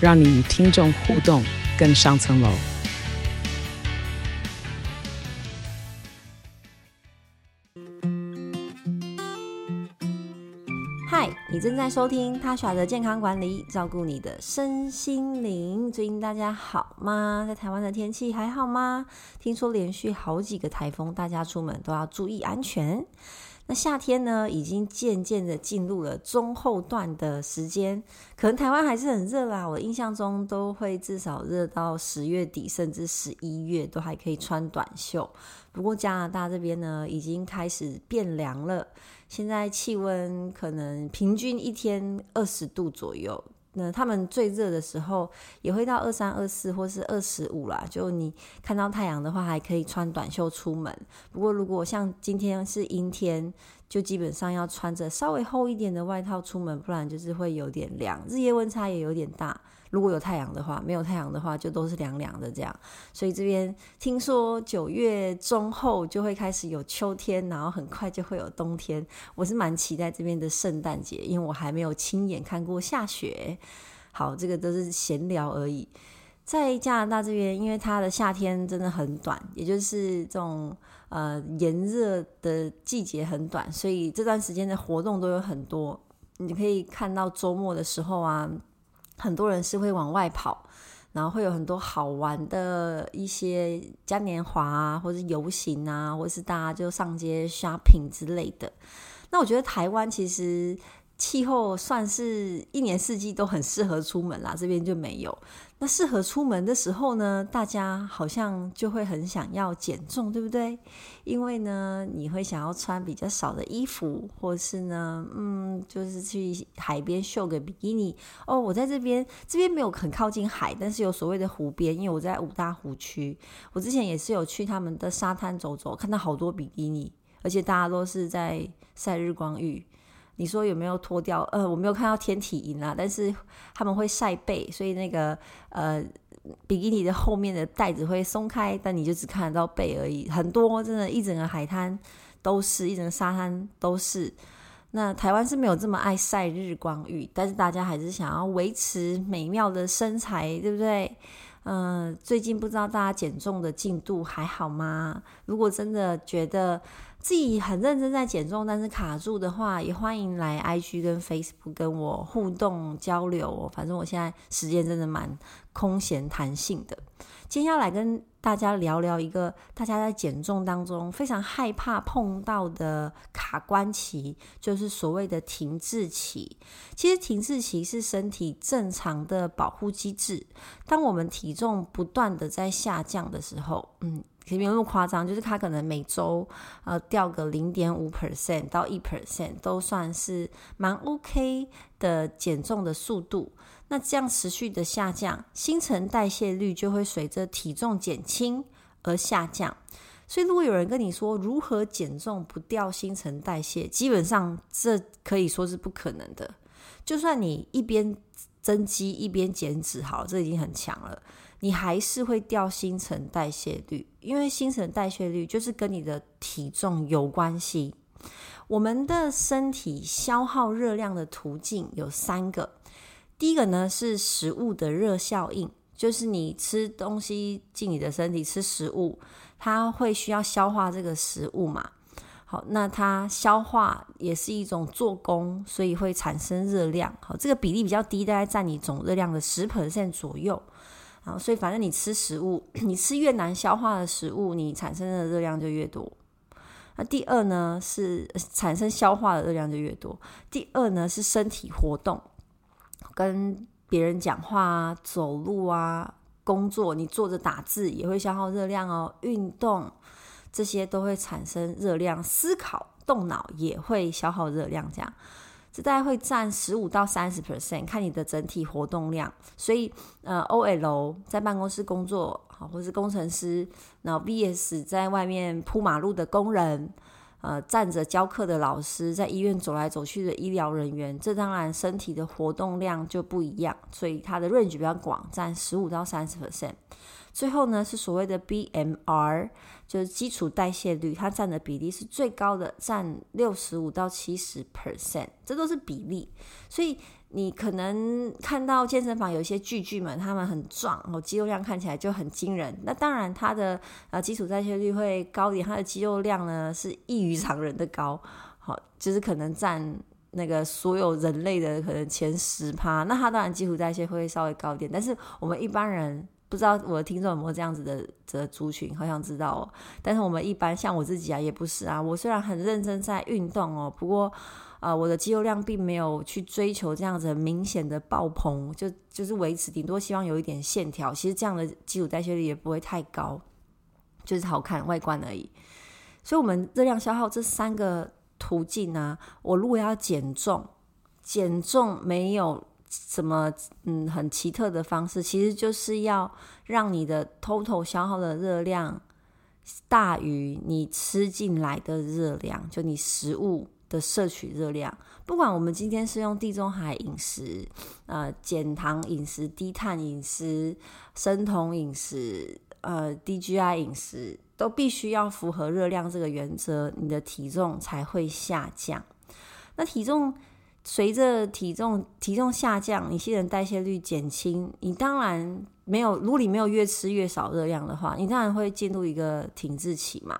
讓你與聽眾互動更上層樓。嗨，你正在收聽他 a 的健康管理，照顧你的身心靈。最近大家好嗎？在台灣的天氣還好嗎？聽說連續好幾個台風，大家出門都要注意安全。那夏天呢，已經漸漸的進入了中後段的時間，可能台灣還是很熱啦。我的印象中都會至少熱到十月底，甚至十一月都還可以穿短袖。不過加拿大這邊呢，已經開始變涼了，現在氣溫可能平均一天二十度左右。他們最熱的時候也會到二三二四或是二十五啦，就你看到太陽的話，還可以穿短袖出門。不過如果像今天是陰天。就基本上要穿着稍微厚一點的外套出門，不然就是會有點涼。日夜溫差也有點大，如果有太陽的話，沒有太陽的話就都是涼涼的這樣。所以這邊聽說九月中後就會開始有秋天，然後很快就會有冬天。我是蠻期待這邊的聖誕節，因為我還沒有親眼看過下雪。好，這個都是閒聊而已。在加拿大這邊，因為它的夏天真的很短，也就是這種。呃，炎熱的季節很短，所以這段時間的活動都有很多。你可以看到周末的時候啊，很多人是會往外跑，然後會有很多好玩的一些嘉年華啊，或者是遊行啊，或者是大家就上街 shopping 之類的。那我覺得台灣其實。氣候算是一年四季都很適合出門啦，這邊就沒有。那適合出門的時候呢，大家好像就會很想要減重，對不對？因為呢，你會想要穿比較少的衣服，或是呢，嗯，就是去海邊秀個比基尼。哦，我在這邊，這邊沒有很靠近海，但是有所謂的湖邊，因為我在五大湖區，我之前也是有去他們的沙灘走走，看到好多比基尼，而且大家都是在曬日光浴。你說有沒有脫掉？呃，我沒有看到天體營啊，但是他們會晒背，所以那個呃比基尼的後面的帶子會鬆開，但你就只看得到背而已。很多真的，一整個海灘都是，一整個沙灘都是。那台灣是沒有這麼愛曬日光浴，但是大家還是想要維持美妙的身材，對不對？嗯、呃，最近不知道大家減重的進度還好嗎？如果真的覺得，自己很認真在減重，但是卡住的話，也歡迎來 IG 跟 Facebook 跟我互動交流哦。反正我現在時間真的蠻空閒彈性的。今天要來跟大家聊聊一個大家在減重當中非常害怕碰到的卡關期，就是所謂的停滯期。其實停滯期是身體正常的保護機制。當我們體重不斷的在下降的時候，嗯。其實沒有那麼誇張，就是它可能每周呃掉個零點五 percent 到一 percent 都算是蠻 OK 的減重的速度。那這樣持續的下降，新陳代謝率就會隨着體重減輕而下降。所以如果有人跟你說，如何減重不掉新陳代謝，基本上這可以說是不可能的。就算你一邊增肌一邊減脂，好，這已經很強了。你還是會掉新陳代謝率，因為新陳代謝率就是跟你的體重有關係。我們的身體消耗熱量的途徑有三個，第一個呢是食物的熱效應，就是你吃東西進你的身體吃食物，它會需要消化這個食物嘛。好，那它消化也是一種做工，所以會產生熱量。好，這個比例比較低，大概占你總熱量的十 percent 左右。所以反正你吃食物，你吃越難消化的食物，你產生的熱量就越多。那第二呢，是、呃、產生消化的熱量就越多。第二呢，是身體活動，跟別人講話、走路啊、工作，你坐着打字也會消耗熱量哦。運動這些都會產生熱量，思考動腦也會消耗熱量，這樣。大概會占十五到三十 percent，看你的整體活動量。所以，呃，O L 在辦公室工作，或是工程師，那 V S 在外面鋪馬路的工人，呃，站着教課的老師，在醫院走來走去的醫療人員，這當然身體的活動量就不一樣，所以它的 range 比較廣，占十五到三十 percent。最後呢，是所謂的 BMR，就是基礎代謝率，它佔的比例是最高的，佔六十五到七十 percent，這都是比例。所以你可能看到健身房有一些巨巨們，他們很壯，哦，肌肉量看起來就很驚人。那當然它，他的啊基礎代謝率會高一點，他的肌肉量呢是異於常人的高，好，哦，就是可能佔那個所有人類的可能前十趴。那他當然基礎代謝會稍微高一點，但是我們一般人。不知道我的聽眾有沒有這樣子的的族群，好想知道哦。但是我們一般像我自己啊，也不是啊。我雖然很認真在運動哦，不過啊、呃，我的肌肉量並沒有去追求這樣子的明顯的爆棚，就就是維持，頂多希望有一點線條。其實這樣的基礎代謝率也不會太高，就是好看外觀而已。所以，我們熱量消耗這三個途徑呢、啊，我如果要減重，減重沒有。什麼，嗯，很奇特的方式，其實就是要讓你的 total 消耗的熱量大於你吃進來的熱量，就你食物的攝取熱量。不管我們今天是用地中海飲食、呃減糖飲食、低碳飲食、生酮飲食、呃低 GI 飲食，都必須要符合熱量這個原則，你的體重才會下降。那體重。隨着體重體重下降，你新陳代謝率減輕，你當然沒有，如果你沒有越吃越少熱量的話，你當然會進入一個停滯期嘛。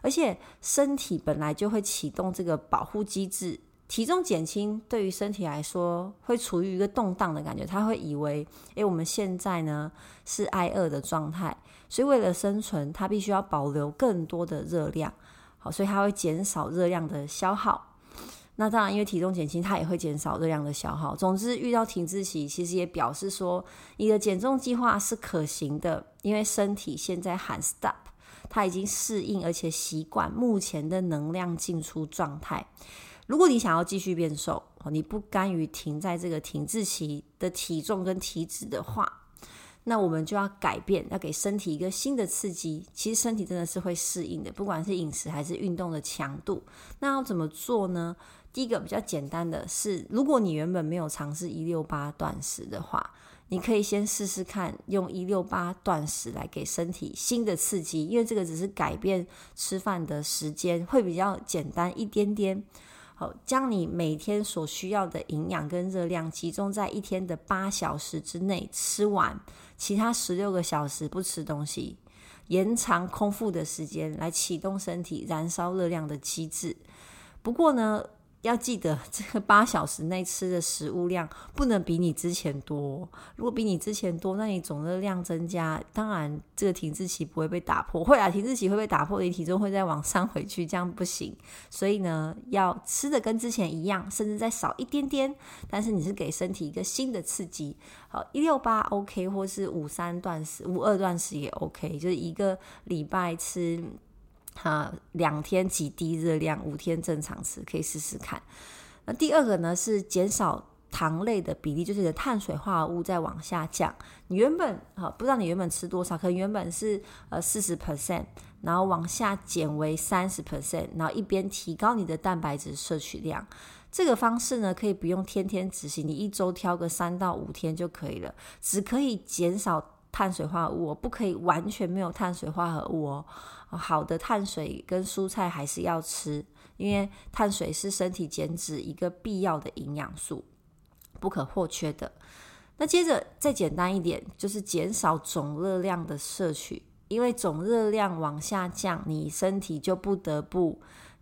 而且身體本來就會啟動這個保護機制，體重減輕對於身體來說會處於一個動盪的感覺，他會以為誒，我們現在呢是挨餓的狀態，所以為了生存，它必須要保留更多的熱量，好，所以它會減少熱量的消耗。那當然，因為體重減輕，它也會減少熱量的消耗。總之，遇到停滯期，其實也表示說你的減重計劃是可行的，因為身體現在喊 stop，它已經適應而且習慣目前的能量進出狀態。如果你想要繼續變瘦，你不甘於停在這個停滯期的體重跟體脂的話，那我們就要改變，要給身體一個新的刺激。其實身體真的是會適應的，不管是飲食還是運動的強度。那要怎麼做呢？第一個比較簡單的是，如果你原本沒有嘗試一六八斷食的話，你可以先試試看用一六八斷食來給身體新的刺激，因為這個只是改變吃飯的時間，會比較簡單一點點。好、哦，將你每天所需要的營養跟熱量集中在一天的八小時之內吃完，其他十六個小時不吃東西，延長空腹的時間來啟動身體燃燒熱量的機制。不過呢。要記得，這個八小時內吃的食物量不能比你之前多。如果比你之前多，那你總熱量增加，當然這個停滯期不會被打破。會啊，停滯期會被打破，你體重會再往上回去，這樣不行。所以呢，要吃的跟之前一樣，甚至再少一點點。但是你是給身體一個新的刺激。好，一六八 OK，或是五三斷食，五二斷食也 OK，就是一個禮拜吃。哈，兩天極低熱量，五天正常吃可以試試看。那第二個呢是減少糖類的比例，就是你的碳水化合物在往下降。你原本哈，不知道你原本吃多少，可能原本是呃四十 percent，然後往下減為三十 percent，然後一邊提高你的蛋白質攝取量。這個方式呢可以不用天天執行，你一周挑個三到五天就可以了。只可以減少碳水化合物哦，不可以完全沒有碳水化合物哦。好的碳水跟蔬菜還是要吃，因為碳水是身體減脂一個必要的營養素，不可或缺的。那接着再簡單一點，就是減少總熱量的攝取，因為總熱量往下降，你身體就不得不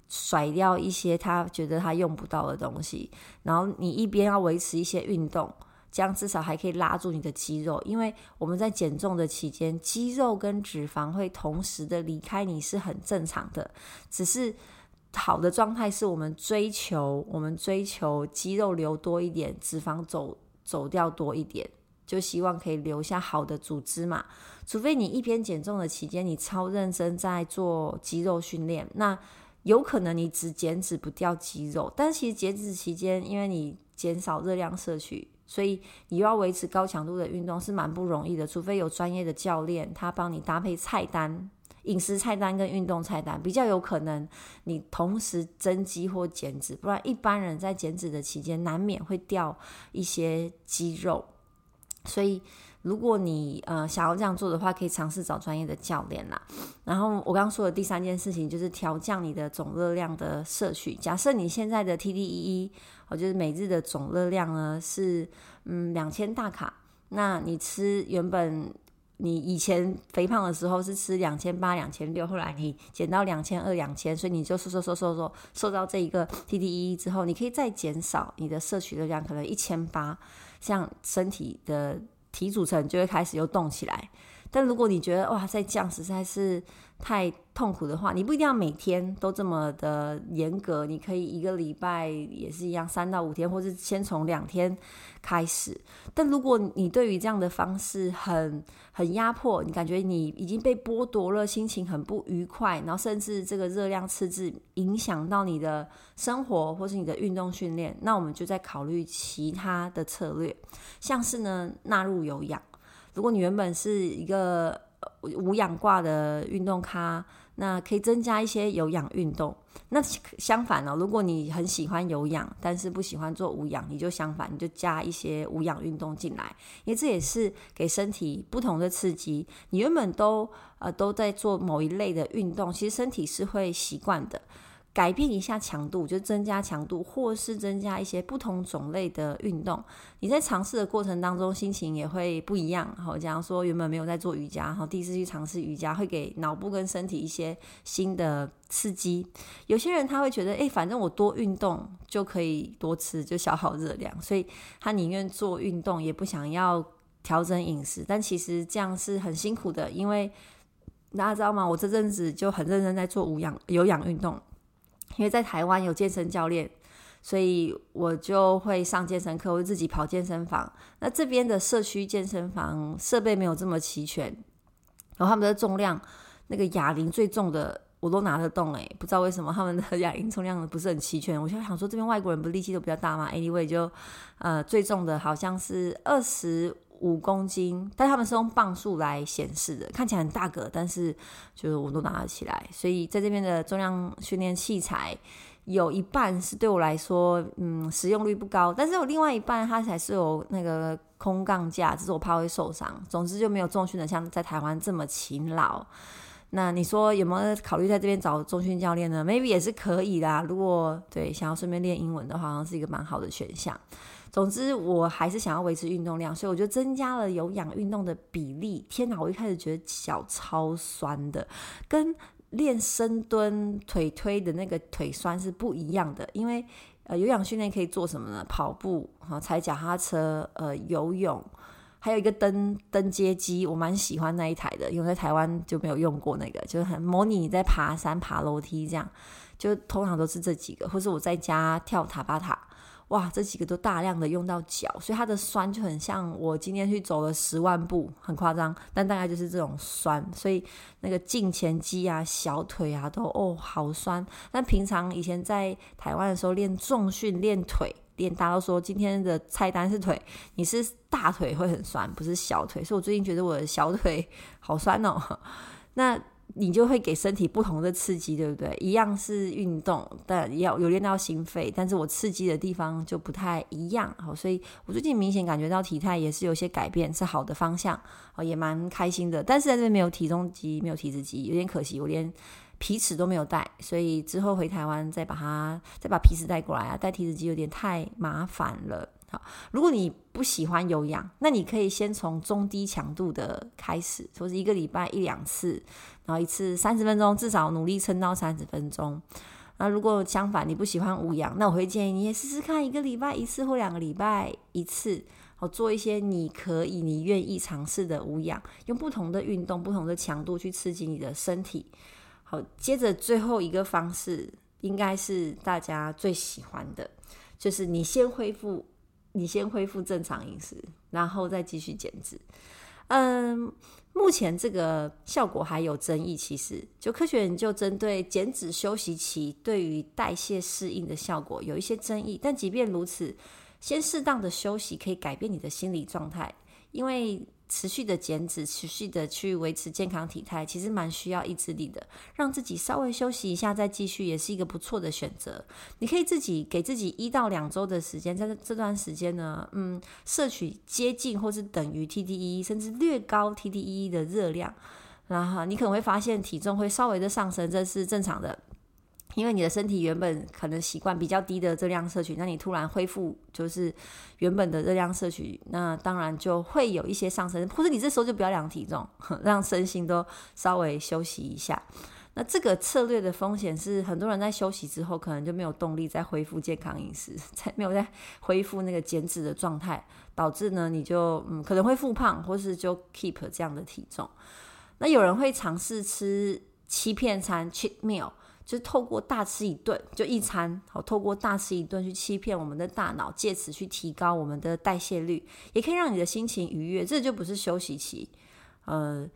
甩掉一些他覺得他用不到的東西，然後你一邊要維持一些運動。這樣至少還可以拉住你的肌肉，因為我們在減重的期間，肌肉跟脂肪會同時的離開你是很正常的。只是好的狀態是我們追求，我們追求肌肉留多一點，脂肪走走掉多一點，就希望可以留下好的組織嘛。除非你一邊減重的期間，你超認真在做肌肉訓練，那有可能你只減脂不掉肌肉。但其實減脂期間，因為你減少熱量攝取。所以你要維持高強度的運動是蠻不容易的，除非有專業的教練，他幫你搭配菜單、飲食菜單跟運動菜單，比較有可能你同時增肌或減脂。不然一般人在減脂的期間，難免會掉一些肌肉。所以如果你呃想要這樣做的話，可以嘗試找專業的教練啦。然後我剛剛說的第三件事情，就是調降你的總熱量的攝取。假設你現在的 TDEE。就是每日的總熱量呢，是嗯兩千大卡。那你吃原本你以前肥胖的時候是吃兩千八、兩千六，後來你減到兩千二、兩千，所以你就瘦瘦瘦瘦瘦瘦到這一個 TDEE 之後，你可以再減少你的攝取熱量，可能一千八，像身體的體組成就會開始又動起來。但如果你覺得哇在醬實在是。太痛苦的話，你不一定要每天都這麼的嚴格，你可以一個禮拜也是一樣，三到五天，或是先從兩天開始。但如果你對於這樣的方式很很壓迫，你感覺你已經被剝奪了，心情很不愉快，然後甚至這個熱量赤字影響到你的生活或是你的運動訓練，那我們就再考慮其他的策略，像是呢納入有氧。如果你原本是一個。無氧掛的運動咖，那可以增加一些有氧運動。那相反呢，哦，如果你很喜歡有氧，但是不喜歡做無氧，你就相反，你就加一些無氧運動進來，因為這也是給身體不同的刺激。你原本都呃都在做某一類的運動，其實身體是會習慣的。改變一下強度，就增加強度，或是增加一些不同種類的運動。你在嘗試的過程當中，心情也會不一樣。好，假如說原本沒有在做瑜伽，然後第一次去嘗試瑜伽，會給腦部跟身體一些新的刺激。有些人他會覺得，哎、欸，反正我多運動就可以多吃，就消耗熱量，所以他寧願做運動，也不想要調整飲食。但其實這樣是很辛苦的，因為大家知道嗎？我這陣子就很認真在做無氧、有氧運動。因為在台灣有健身教練，所以我就會上健身課，我自己跑健身房。那這邊的社區健身房設備沒有這麼齊全，然後他們的重量，那個啞鈴最重的我都拿得動哎、欸，不知道為什麼他們的啞鈴重量不是很齊全。我就想說這邊外國人不是力氣都比較大嘛，Anyway 就呃，最重的好像是二十五公斤，但他們是用磅數來顯示的，看起來很大個，但是就是我都拿得起來。所以在這邊的重量訓練器材有一半是對我來說，嗯，使用率不高。但是我另外一半它才是有那個空槓架，只是我怕會受傷。總之就沒有重訓的像在台灣這麼勤勞。那你說有沒有考慮在這邊找重訓教練呢？Maybe 也是可以啦。如果對想要順便練英文的話，好像是一個蠻好的選項。總之，我還是想要維持運動量，所以我就增加了有氧運動的比例。天哪，我一開始覺得腳超酸的，跟練深蹲、腿推的那個腿酸是不一樣的。因為呃，有氧訓練可以做什麼呢？跑步啊，踩腳踏車，呃，游泳，還有一個登登階機，我蠻喜歡那一台的，因為我在台灣就沒有用過那個，就是很模擬你在爬山、爬樓梯這樣。就通常都是這幾個，或是我在家跳塔巴塔。哇，這幾個都大量的用到腳，所以它的酸就很像我今天去走了十萬步，很誇張，但大概就是這種酸，所以那個脛前肌啊，小腿啊都哦好酸。但平常以前在台灣的時候練重訓、練腿，練大家都說今天的菜單是腿，你是大腿會很酸，不是小腿。所以我最近覺得我的小腿好酸哦，那。你就會給身體不同的刺激，對不對？一樣是運動，但要有練到心肺，但是我刺激的地方就不太一樣。好，所以我最近明顯感覺到體態也是有些改變，是好的方向，哦，也蠻開心的。但是在這邊沒有體重機，沒有體脂機，有點可惜，我連皮尺都沒有帶。所以之後回台灣再把它再把皮尺帶過來啊，帶體脂機有點太麻煩了。如果你不喜歡有氧，那你可以先從中低強度的開始，說、就是一個禮拜一兩次，然後一次三十分鐘，至少努力撐到三十分鐘。那如果相反，你不喜歡無氧，那我會建議你也試試看一個禮拜一次或兩個禮拜一次，好做一些你可以、你願意嘗試的無氧，用不同的運動、不同的強度去刺激你的身體。好，接着最後一個方式應該是大家最喜歡的，就是你先恢復。你先恢復正常飲食，然後再繼續減脂。嗯，目前這個效果還有爭議。其實，就科學研究針對減脂休息期對於代謝適應的效果有一些爭議。但即便如此，先適當的休息可以改變你的心理狀態，因為。持續的減脂，持續的去維持健康體態，其實蠻需要意志力的。讓自己稍微休息一下，再繼續，也是一個不錯的選擇。你可以自己給自己一到兩週的時間，在這段時間呢，嗯，攝取接近或是等於 TDEE，甚至略高 TDEE 的熱量，然後你可能會發現體重會稍微的上升，這是正常的。因為你的身體原本可能習慣比較低的熱量攝取，那你突然恢復就是原本的熱量攝取，那當然就會有一些上升。或是你這時候就不要量體重，讓身心都稍微休息一下。那這個策略的風險是，很多人在休息之後可能就沒有動力再恢復健康飲食，才沒有再恢復那個減脂的狀態，導致呢你就嗯可能會復胖，或是就 keep 這樣的體重。那有人會嘗試吃欺騙餐 （cheat meal）。就是透過大吃一頓，就一餐好，透過大吃一頓去欺騙我們的大腦，借此去提高我們的代謝率，也可以讓你的心情愉悅。這就不是休息期。呃，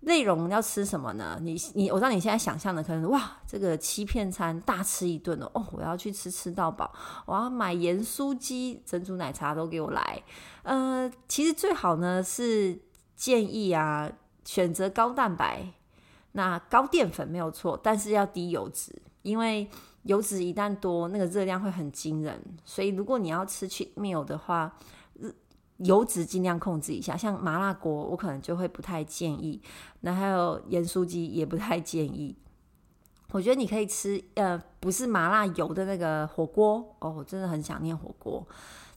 內容要吃什麼呢？你你，我知道你現在想象的可能是哇，這個欺騙餐大吃一頓哦，我要去吃吃到飽，我要買鹽酥雞、珍珠奶茶都給我來。呃，其實最好呢是建議啊，選擇高蛋白。那高澱粉沒有錯，但是要低油脂，因為油脂一旦多，那個熱量會很驚人。所以如果你要吃 cheat meal 的話，油脂盡量控制一下。像麻辣鍋，我可能就會不太建議。那還有鹽酥雞也不太建議。我覺得你可以吃，呃，不是麻辣油的那個火鍋哦，我真的很想念火鍋。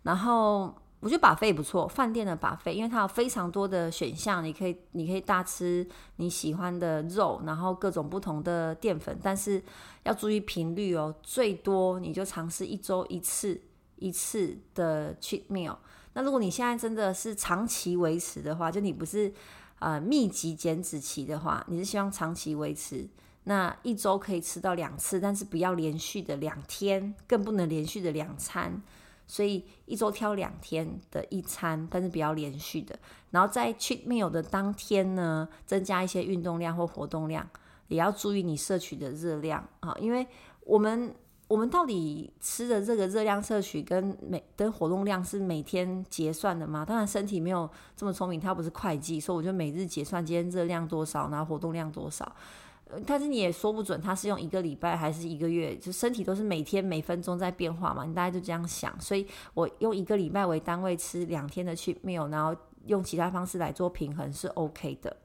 然後。我覺得 buffet 不錯，飯店的 buffet，因為它有非常多的選項，你可以你可以大吃你喜歡的肉，然後各種不同的澱粉，但是要注意頻率哦，最多你就嘗試一周一次一次的 cheat meal。那如果你現在真的是長期維持的話，就你不是呃密集減脂期的話，你是希望長期維持，那一周可以吃到兩次，但是不要連續的兩天，更不能連續的兩餐。所以一週挑兩天的一餐，但是比較連續的。然後在 cheat meal 的當天呢，增加一些運動量或活動量，也要注意你攝取的熱量啊，因為我們我們到底吃的這個熱量攝取跟每跟活動量是每天結算的嗎？當然身體沒有這麼聰明，它不是會計，所以我就每日結算，今天熱量多少，然後活動量多少。但是你也說不準，它是用一個禮拜還是一個月，就身體都是每天每分鐘在變化嘛。你大概就這樣想，所以我用一個禮拜為單位吃兩天的 cheat meal，然後用其他方式來做平衡是 OK 的。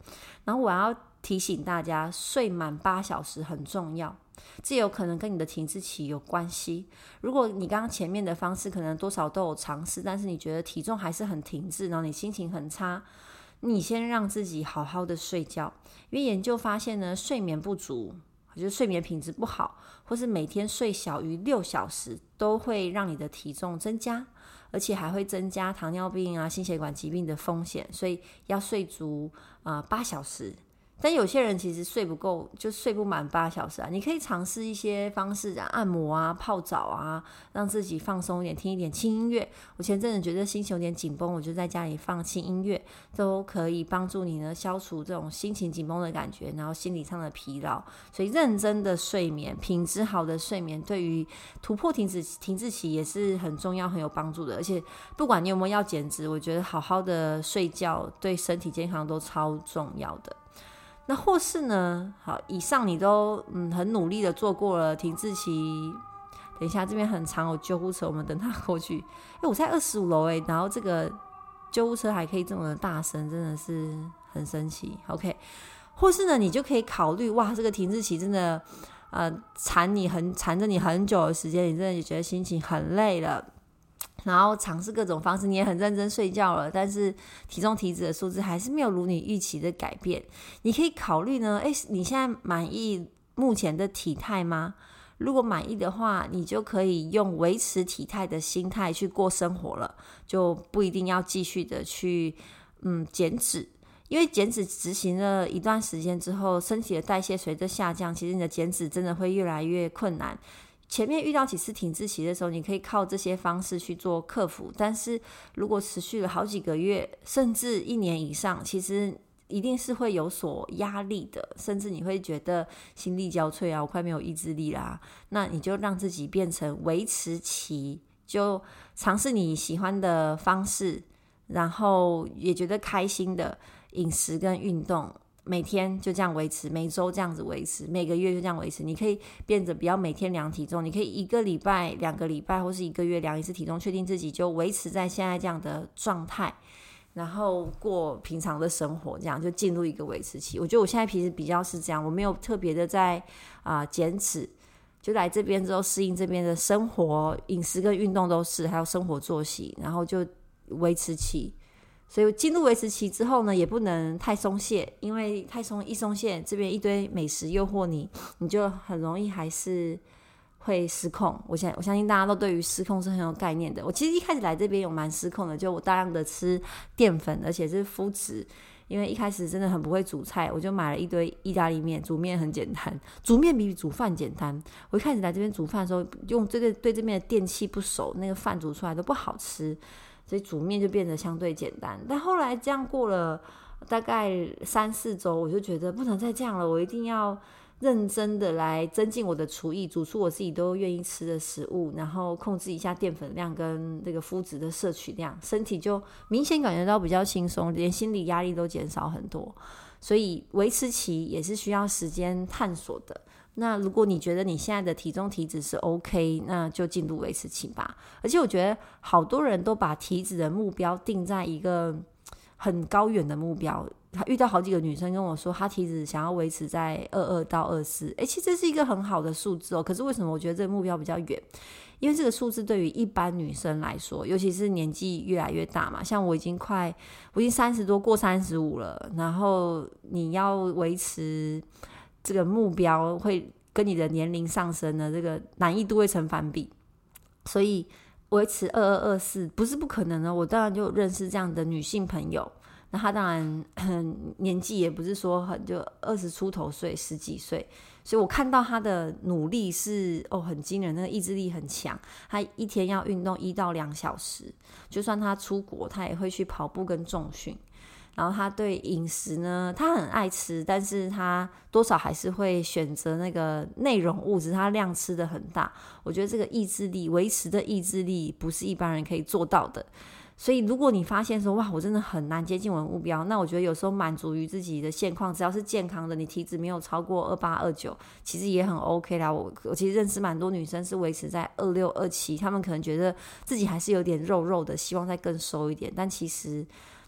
然後我要提醒大家，睡滿八小時很重要，這有可能跟你的停滯期有關係。如果你剛剛前面的方式可能多少都有嘗試，但是你覺得體重還是很停滯，然後你心情很差。你先讓自己好好的睡覺，因為研究發現呢，睡眠不足，就是睡眠品質不好，或是每天睡小於六小時，都會讓你的體重增加，而且還會增加糖尿病啊、心血管疾病的風險。所以要睡足啊八小時。但有些人其實睡不夠，就睡不滿八小時啊。你可以嘗試一些方式，按摩啊、泡澡啊，讓自己放鬆一點，聽一點輕音樂。我前陣子覺得心情有點緊繃，我就在家裡放輕音樂，都可以幫助你呢消除這種心情緊繃的感覺，然後心理上的疲勞。所以，認真的睡眠、品質好的睡眠，對於突破停止停滯期，也是很重要、很有幫助的。而且，不管你有沒有要減脂，我覺得好好的睡覺對身體健康都超重要的。那或是呢？好，以上你都嗯很努力的做過了停滯期。等一下，這邊很長，有救護車，我們等他過去。誒、欸，我在二十五樓誒，然後這個救護車還可以這麼大聲，真的是很神奇。OK，或是呢，你就可以考慮，哇，這個停滯期真的呃纏你很、纏着你很久的時間，你真的就覺得心情很累了。然後嘗試各種方式，你也很認真睡覺了，但是體重、體脂的數字還是沒有如你預期的改變。你可以考慮呢，誒，你現在滿意目前的體態嗎？如果滿意的話，你就可以用維持體態的心態去過生活了，就不一定要繼續的去嗯減脂，因為減脂執行了一段時間之後，身體的代謝隨着下降，其實你的減脂真的會越來越困難。前面遇到幾次停滯期的時候，你可以靠這些方式去做克服。但是如果持續了好幾個月，甚至一年以上，其實一定是會有所壓力的，甚至你會覺得心力交瘁啊，我快沒有意志力啦、啊。那你就讓自己變成維持期，就嘗試你喜歡的方式，然後也覺得開心的飲食跟運動。每天就這樣維持，每週這樣子維持，每個月就這樣維持。你可以變着比較每天量體重，你可以一個禮拜、兩個禮拜或是一個月量一次體重，確定自己就維持在現在這樣的狀態，然後過平常的生活，這樣就進入一個維持期。我覺得我現在平時比較是這樣，我沒有特別的在啊、呃、減脂，就來這邊之後適應這邊的生活、飲食跟運動都是，還有生活作息，然後就維持期。所以進入維持期之後呢，也不能太鬆懈，因為太鬆一鬆懈，這邊一堆美食誘惑你，你就很容易還是會失控。我想我相信大家都對於失控是很有概念的。我其實一開始來這邊有蠻失控的，就我大量的吃澱粉，而且是麩質。因為一開始真的很不會煮菜，我就買了一堆意大利麵，煮麵很簡單，煮麵比煮飯簡單。我一開始來這邊煮飯的時候，用這個對這邊的電器不熟，那個飯煮出來都不好吃。所以煮麵就變得相對簡單，但後來這樣過了大概三四週，我就覺得不能再這樣了，我一定要認真的來增進我的廚藝，煮出我自己都願意吃的食物，然後控制一下澱粉量跟這個麩質的攝取量，身體就明顯感覺到比較輕鬆，連心理壓力都減少很多。所以維持期也是需要時間探索的。那如果你覺得你現在的體重體脂是 OK，那就進入維持期吧。而且我覺得好多人都把體脂的目標定在一個很高遠的目標。他遇到好幾個女生跟我說，她體脂想要維持在二二到二四，哎，其實這是一個很好的數字哦。可是為什麼我覺得這個目標比較遠？因為這個數字對於一般女生來說，尤其是年紀越來越大嘛，像我已經快，我已經三十多過三十五了，然後你要維持。這個目標會跟你的年齡上升的這個難易度會成反比，所以維持二二二四不是不可能的。我當然就認識這樣的女性朋友，那她當然很年紀也不是說很就二十出頭歲、十幾歲，所以我看到她的努力是哦很驚人，那個意志力很強。她一天要運動一到兩小時，就算她出國，她也會去跑步跟重訓。然後他對飲食呢，他很愛吃，但是他多少還是會選擇那個內容物質，他量吃得很大。我覺得這個意志力維持的意志力不是一般人可以做到的。所以如果你發現說哇，我真的很難接近我的目標，那我覺得有時候滿足於自己的現況，只要是健康的，你體脂沒有超過二八二九，其實也很 OK 啦。我我其實認識蠻多女生是維持在二六二七，她們可能覺得自己還是有點肉肉的，希望再更瘦一點，但其實。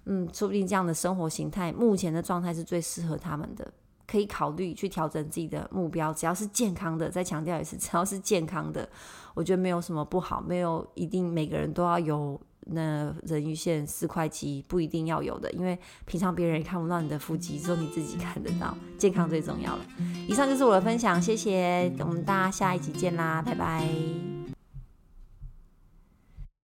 嗯，說不定這樣的生活形態，目前的狀態是最適合他們的，可以考慮去調整自己的目標。只要是健康的，再強調一次，只要是健康的，我覺得沒有什麼不好，沒有一定每個人都要有那人魚線、四塊肌，不一定要有的，因為平常別人也看不到你的腹肌，只有你自己看得到。健康最重要了。以上就是我的分享，謝謝，我們大家下一期見啦，拜拜。